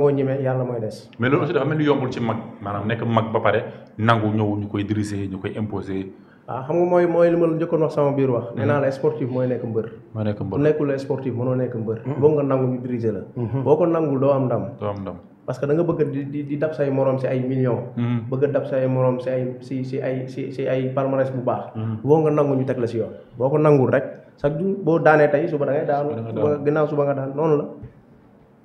moo ñemee yàlla mooy des. mais ci mag maanaam ñu koy diriger ñu koy imposer. waaw ah, xam nga mooy mooy li ma la njëkkoon wax sama biir wax. nee la sportif mooy nekk mbër. mooy mm-hmm. nga nangu ñu diriger la. Mm-hmm. boo ko nangul doo am ndam. parce que da nga bëgg di di dab say morom si ay millions. Mm-hmm. bëgg a dab say morom si ay si bu baax. boo nga nangu ñu teg la si yoon. boo ko nangul rek chaque jour boo daanee tey suba da daanu. suba ginnaaw suba nga daan noonu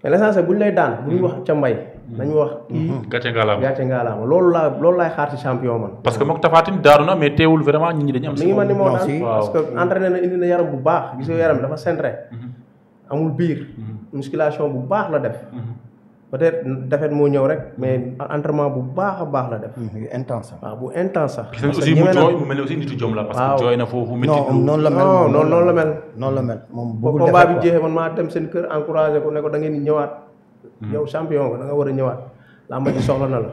mais l'essentiel bu ñu lay daan. bu ñu hmm. wax ca mbay. Hmm. nañu wax kii hmm. gàcce ngaalaama gàcce ngaalaama loolu laa loolu laay xaar ci champion man. parce que moom Tafatine daaru na mais teewul vraiment nit ñi dañu am. si moom si parce que entraîné na indi na yaram bu baax gisoo yaram dafa centré. amul biir. musculation bu baax la def. peut-être defet moo ñëw rek mais entrement bu baax a baax la def. Mmh, intense waaw bu intense sax. la. parce que jooy na foofu métti. noonu la mel noonu la mel. noonu la mel moom bëggul combat bi jeexee man maa dem seen kër encouragé ko ne ko da ngeen di ñëwaat. ñëw mmh. champion nga da nga war a ñëwaat. làmb ji soxla na la.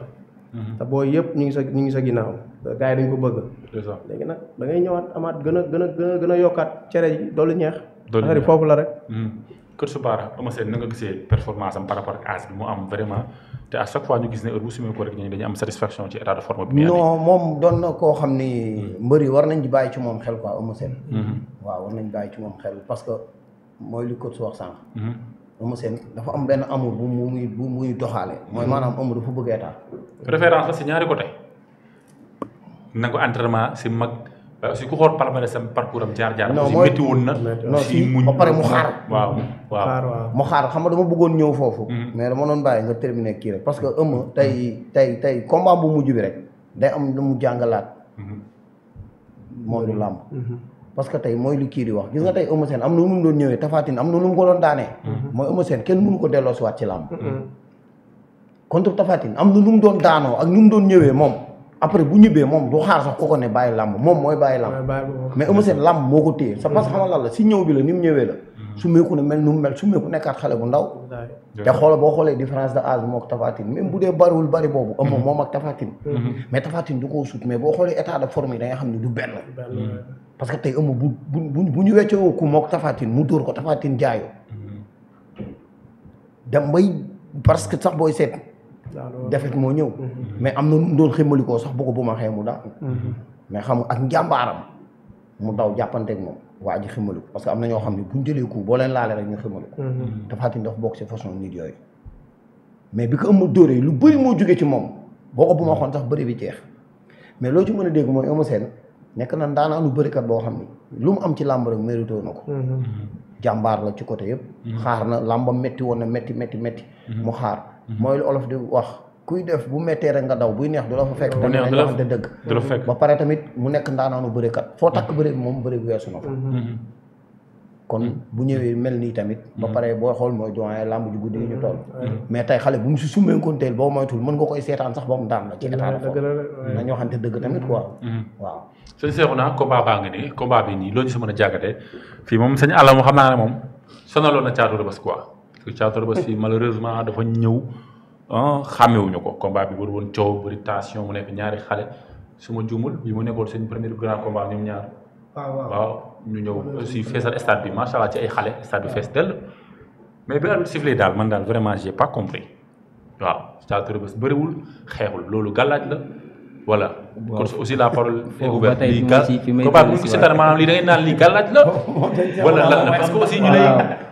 Mmh. te booy yëpp ñu ngi sa ñu ngi sa ginnaaw. gars yi dañ ko bëgg. c'est léegi nag da ngay ñëwaat amaat gën a gën a gën a yokkaat cere yi dolli ñeex. dolli foofu la rek. Kër Subaara Eumeu Sène na nga gisee performance am par rapport ak âge bi mu am vraiment te à chaque fois ñu gis ne heure bu ko rek ñi dañu am satisfaction ci état de forme bi. non moom doon hmm. hmm. parce que mooy li coach wax sànq. Hmm. Eumeu Sène dafa am benn amour bu muy muy doxaale. mooy maanaam amour dafa bëgg référence la si ñaari côté. na ko si mag. waaye euh, aussi ku xool palmarès sam parcours am mu xaar. mu xaar xam nga dama bëggoon ñëw foofu. Mhm. mais dama doon bàyyi nga terminer kii parce que ëmm tey tey tey bu mujj bi rek day am lu mu jàngalaat. Mhm. mooy lu làmb. Mhm. parce que tey mooy lu kii di wax gis nga tey Eumeu Sène am na lu mu doon ñëwee Tapha am na lu mu ko doon daanee. mooy Eumeu Sène kenn ko delloosiwaat am lu mu doon daanoo ak nu mu doon ñëwee moom. après bu ñibbee moom du xaar sax koko ne bàyyi làmb moom mooy bàyyi làmb mais Eumeu Sène làmb moo ko téye sa parce que xamal lan la la ni mu ñëwee la mm-hmm. su meeku ne mel nu mu mel su meeku nekkaat bu ndaw te xoola boo xoolee différence de âge moom dee bariwul bari boobu Eumeu mm-hmm. moom ak mm-hmm. mais Tafatine du ko boo xoolee état de forme yi da nga xam ne du benn mm. parce que tey Eumeu bu bu bu ñu weccewoo ku mook Tafatine mu dóor ko Tafatine jaayoo dem parce que sax booy seet defet moo ñëw mais am na nu doon ximmalikoo sax bu ko bu ma xee mu da mais xam ak njàmbaaram mu daw jàppanteeg moom waa ji ximmaliko parce que am na ñoo xam ne bu jëlee ko boo leen laale rek ñu ximmaliko mm-hmm. dafa tin bokk si façon nit yooyu mais bi ko ëmb dóoree lu bëri moo jóge ci moom boo ko bu ma xoon sax bëri bi jeex mais loo ci mën a dégg mooy Eumeu seen nekk na ndaanaanu bërikat boo xam ni lu mu am ci làmb rek mérité na ko mm-hmm. jàmbaar la ci côté yëpp mm-hmm. xaar na làmbam metti na metti metti metti mu xaar Mhm. mooy olof di wax kuy def bu mettee rek nga daw buy neex du la fa fekk da neex du dëgg ba pare tamit mu nekk ndaanaanu bërekat foo takk bëri bi moom bëri bi na ko mhm. mhm. kon bu ñëwee mel nii tamit ba pare boo xool mooy doyen làmb ju guddi ñu toll mais tey xale bu mu si summeenkonteel boo moytul mën nga koy seetaan sax ba mu daan la ci état la na ñoo dëgg tamit quoi waaw sëñ Seexuna combat baa ngi nii combat bi nii loo ñu si mën a jàggate fii moom sañ Alla moom xam naa ne moom sonaloon na caatu Rebeuss quoi que Thiatou Rebeuss malheureusement dafa ñëw ah xàmmewuñu ko combat bi bëri woon coow bëri tension mu nekk ñaari xale su ma juumul bi mu nekkoon seen premier grand combat ñoom ñaar. Ah, waaw ñu ñëw aussi feesal stade bi macha allah ci ay xale stade bi fees dell. mais bi arbitre sifflé daal man daal vraiment j'ai pas compris waaw Thiatou Rebeuss bëriwul xeexul loolu galaaj la voilà. kon aussi la parole est ouverte lii lii da naan lii gàllaaj la. wala lan la parce que aussi ñu lay.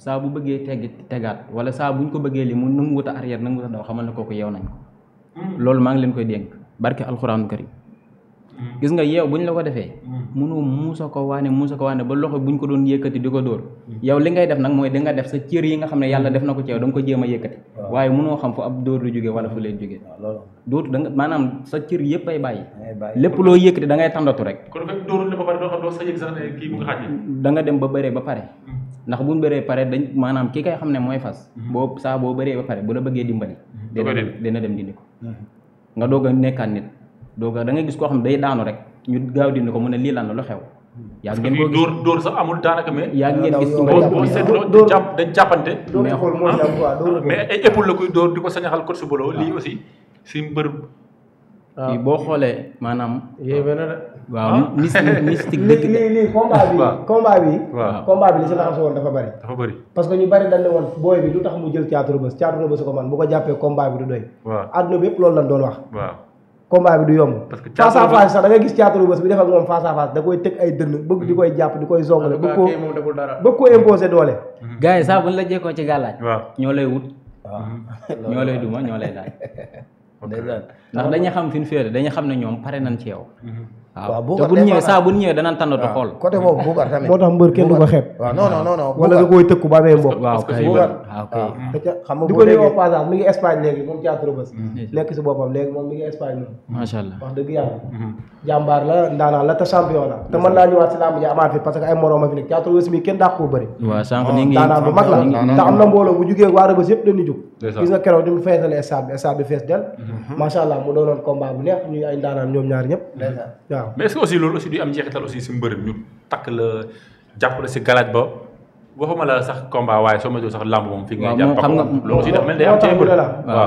saa bu bëggee teggi tegaat wala saa buñ ko bëggee li mu nanguwut a arrière nanguwut a daw xamal ne kooku yeew nañ ko mm. loolu maa ngi leen koy dénk barke alxuraanu karim mm. gis nga yeew buñ la ko defee mm. mënoo muusa ko waane muusa ko waane ba loxo bu buñ ko doon yëkkati di ko dóor yow li ngay def nag mooy da nga def sa cër yi nga xam ne yàlla def na ko ci yow da nga ko jéem a yëkkati waaye mënoo xam fu ab dóor lu jógee wala fu leen jógee dootu da nga maanaam sa cër yëpp ay bàyyi lépp loo yëkkati da ngay tàndatu rek da nga dem ba bëree ba pare ndax bu ñu bëree pare dañ maanaam ki kay xam ne mooy fas. Mhm. boo saa boo bëree ba pare bu la bëggee dimbali. Mhm. dina dem dina dem dindi ko. Mhm. nga doog a nekkaat nit doog a da ngay gis koo xam ne day daanu rek ñu gaaw dindi ko mu ne lii lan la lu xew. yaa ngeen ko gis dóor sax amul daanaka mais. yaa ngeen gis ci mbéy boo seetloo dañ jàppante. mais ay épaule la koy dóor di ko sañaxal coach Bolo lii ah. aussi si mbër waaw boo xoolee maanaam. yéeme na de. waaw ah. mystique mystique dëgg la lii lii combat bi combat bi. bi li si laxasu woon dafa bari. parce que ñu bari dañ ne woon booy bi lu tax mu jël Thiatou Rebeuss Thiatou Rebeuss ko man bu ko jàppee combat bi du doy. waaw àdduna bi yëpp loolu lañ doon wax. waaw bi du yomb. parce que sax da ngay gis Thiatou Rebeuss bi def ak moom face à face da koy tëg ay dënn bëgg di koy jàpp di koy zongale. bëgg koo bëgg koo imposer doole. Mhm. gars yi sax la jekkoo ci gàllaaj. waaw ñoo lay wut. waaw ñoo lay duma ñoo lay daal dèjà ndax dañuy xam fi ñu féere dañuy xam ne ñoom pare nañ ci yow mhm. waaw buukar te bu ñëwee saa bu ñëwee danañ tànnatu xool. côté boobu buukar tamit. moo tax mbër kenn du ko xeeb. waaw nga koy tëkku ba amee mbokk. ko nuyoo moom Thiatou Rebeuss. Mm-hmm. wax dëgg yàlla. Mm-hmm. jàmbaar la la te champion la. te mën naa ñëwaat si làmb ji amaat fi parce que ay moroom a fi nekk Thiatou Rebeuss mi kenn daa ko bëri. daanaan bu mag la ndax na mbooloo bu jugee waa Rebeuss yëpp dañuy jóg. gis nga keroog di mu feesale stade bi bi fees del. Mm-hmm. macha allah mu doonoon combat bu neex ñu ay ndaanaan ñoom ñaar ñëpp waaw mais est-ce que aussi loolu aussi du am njeexital aussi si mbër ñu takk la jàppale si galaaj ba waxuma la sax combat waaye soo moytuwul sax lamb moom. fi nga xam nga loolu aussi dafa mel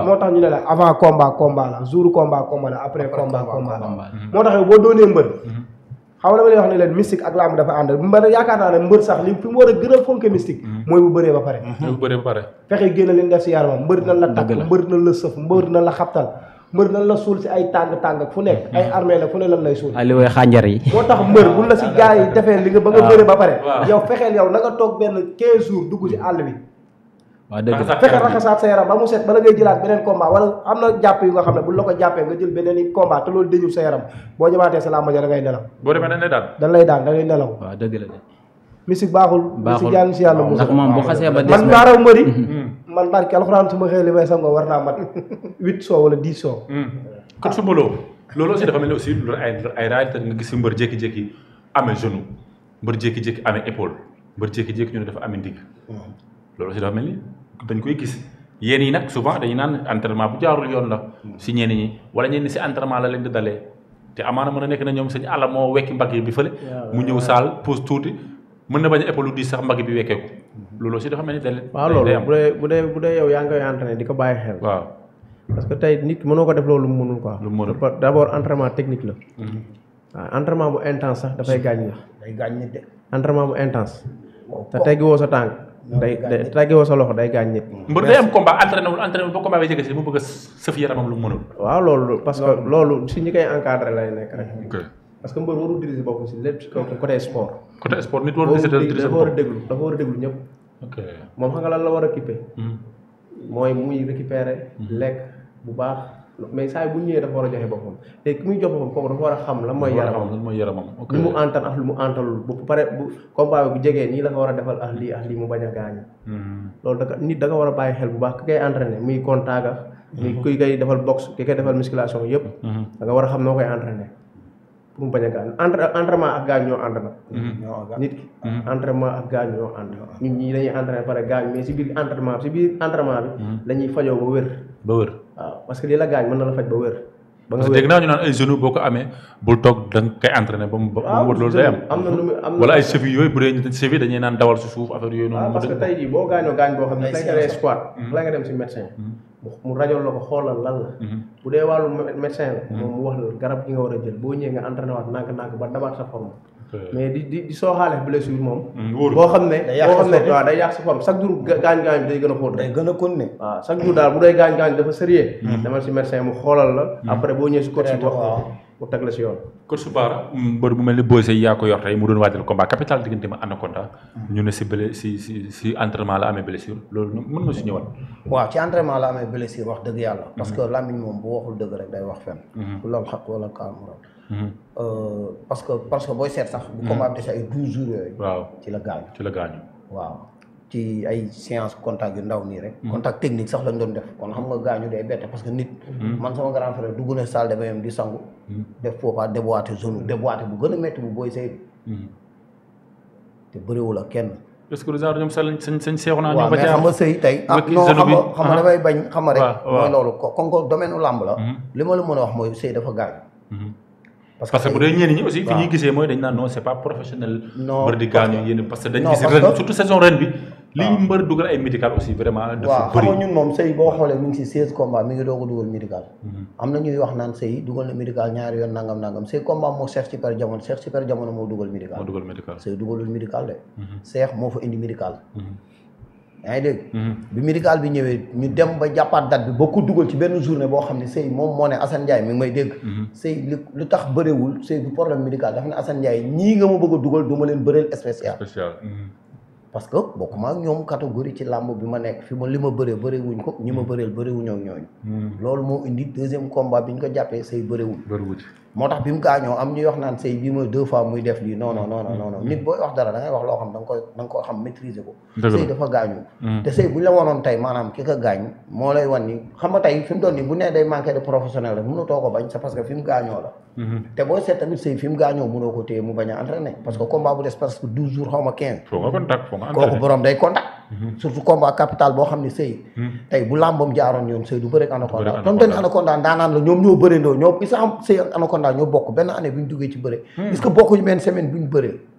moo tax ñu ne la avant combat combat la jour combat combat la moo tax boo doonee mbër mhm. xam nga dama lay wax naa ne mbër sax li fi mu war a gën a fonke mystique mhm. mooy bu bëree ba pare mhm. bu ba pare fexe génn leen def si yaramam mbër na la takk mbër na la sëf mbër na la xabtal mbër nañ la suul si ay tàng-tàng fu nekk mm-hmm. ay armée la fu ne lan lay suul li way xànjar yi moo tax mbër bu la si gars yi defee li nga ba nga ah. bëre ba pare yow fexeel yow na toog benn 15 jours dugg si àll bi waaw dëgg la fexe raxasaat sa yaram ba mu set bala ngay jëlaat beneen combat wala am na jàpp yu nga xam ne bu la ko jàppee nga jël beneen i combat te loolu dëjul sa yaram boo jëmaatee sa làmb ja da nelaw boo demee dañ lay daan dañ lay daan da ngay nelaw dëgg la musique baaxul. baaxul musique yaa ngi si yàlla ndax moom bu xasee ba des man maa raw mm-hmm. mm. man barke alxuraan su war naa mat huit soo wala dix soo. Mm. kon su ma loolu aussi mel ni aussi loolu ay gis mbër jékki-jékki amee genou mbër jékki-jékki amee épaule mbër jékki-jékki ñu dafa amee ndigg mm. loolu aussi dafa dañ koy gis yéen yi nag souvent dañu naan entraînement bu jaarul yoon la si ñenn ñi wala ñenn si entraînement la leen di dalee te amaana mën a nekk na ñoom sëñ àlla moo wekki mbagg yi bi fële mu ñëw saal pause tuuti mën na bañ a lu diis sax mbagg bi wekkee ko loolu aussi dafa mel ni dalee. waaw loolu bu dee bu dee bu dee yow yaa ngi koy di ko bàyyi xel. waaw parce que tey nit mënoo ko def loolu mu mënul quoi. lu mu mënul d' abord entraînement technique la. Mhm. waaw bu intense sax dafay gaañ la. day gaañ nit de. entraînement bu intense. te teggiwoo sa tànk. day day teggiwoo sa loxo day gaañ nit. mbër day am combat entraîné wul entraîné wul ba combat bay waaw loolu parce que loolu si ñi koy encadré lay nekk rek. parce que mbër warul diriger boppam si lépp si côté sport. côté sport nit war a diriger moom xam nga lan la war a récupérer. Hmm. mooy muy récupérer. Hmm. lekk bu baax mais saa bu ñëwee dafa war a joxe boppam te ku muy jox boppam kooku dafa war a xam la mooy yaramam lan mooy yaramam lu mu antal ak lu mu antalul bu pare bu combat bi bu jegee nii la ko war a defal ak ah lii ak ah lii mu bañ a gaañ. Hmm. loolu da nit da nga war a bàyyi xel bu baax ki koy entraîner muy contact ak. muy kuy koy defal boxe ki koy defal musculation yëpp. da nga war a xam noo koy entraîner. pour mu bañ a gaañ entre entraînement ak gaañ ñoo si biir entraînement si biir entraînement bi. dañuy mhm. ay genoux boo ko amee na lu muy am na wala yooyu bu dee cheville dañuy naan dawal suuf affaire yooyu. Ah, noonu parce que tey jii boo gaañoo gaañ boo xam ne. ay nga dem si médecin mhm. mu rajol la ko xoolal lan la mhm. bu dee wàllu médecin la mhm. moom mu wax la garab gi nga war a jël boo ñëwee nga entraîné waat nànk-nànk ba dabaat sa forme mais di di di sooxaale blessure moom mhm, boo xam ne boo xam ne waaw day yàq sa forme chaque jour gaañ-gaañ bi day gën a xóot day gën a continuer waaw chaque jour daal bu dee gaañ-gaañ dafa sérieux demal si médecin mu xoolal la après boo ñëwee si coach bi wax pour teg la si yoon. Kër Soubar mbër bu mel ni Boy Seye yaa ko yor tey mu doon waajal combat capital diggante ma Anaconda. Ah. ñu ne si bële si si si entraînement la amee blessure loolu mën nga si ñëwaat. waaw ci entraînement la amee blessure wax dëgg yàlla. Mm-hmm. parce que Lamine moom bu waxul dëgg rek day wax fenn. Mm-hmm. ku loolu xaq wala kaamuram. Mm-hmm. parce euh, parce que booy seet sax. bu combat bi dese ay douze jours yooyu. waaw ci la gaañu ci la gaañu. waaw ci ay séance contact yu ndaw nii rek. Hmm. contact technique sax lañ doon def kon xam nga gaañu day bette parce nit. Hmm. man sama grand frère dugg na salle de bain di hmm. a rek. mooy loolu kon ko domaine làmb la. li ma la mën a wax mooy sëy dafa gaañ. parce bu dee ñenn ñi aussi fi ñuy gisee mooy dañ naan non c'est pas professionnel. non di gaañu yéen parce dañ gis ren bi. li mbër dugal ay médical aussi vraiment. ñun moom Seye boo xoolee mi ngi si 16 combats mi ngi doog a dugal médical. Mhm. am na ñuy wax naan Seye dugal na médical ñaari yoon nangam nangam Seye combat moo Cheikh ci per jamono Cheikh ci per jamono moo dugal médical. moo dugalul médical de. Mhm. Cheikh moo mhm. bi ñëwee ñu dem ba jàppaat bi ba dugal ci benn journée boo xam ne Seye moom moo ne Assane Ndiaye mi ngi may dégg. Seye li lu tax bëreewul Seye bu problème médical dafa ne Assane Ndiaye ñii nga ma bëgg a dugal du leen bëreel spécial. parce que bokkuma ak ñoom catégorie ci làmb bi ma nekk fi ma li ma bëree bëree wuñ ko ñi ma hmm. bëreel bëree wuñoo ñooñu. Hmm. loolu moo indi deuxième combat bi ñu ko jàppee say bëreewul. bëreewul moo muy def lii non non hmm. nit booy wax dara da wax loo xam da nga xam maîtriser ko. say dafa gaañu. te say bu la wanoon tey maanaam ki gaañ moo lay wan ni xam nga tey fi doon nii bu nee day de professionnel rek mënatoo ko bañ c'est parce que fi gaañoo la. Mhm. te boo seet tamit sëy fi mu gaañoo mënoo ko téye mu bañ a entraîné parce que combat bu des presque douze jours xaw ma quinze. foo nga contact foo nga entraîné kooku borom day contact. Mhm. surtout combat capital boo xam ne sëy. Mhm. tey bu làmbam jaaroon yoon sëy du bëre ak Anaconda. du bëre ak Anaconda daanaan la ñoom ñoo bëree ndoo ñoom Issa am sëy ak Anaconda ñoo bokk benn année bu duggee ci bëre. Hmm. est que bokkuñu benn semaine bu bëree.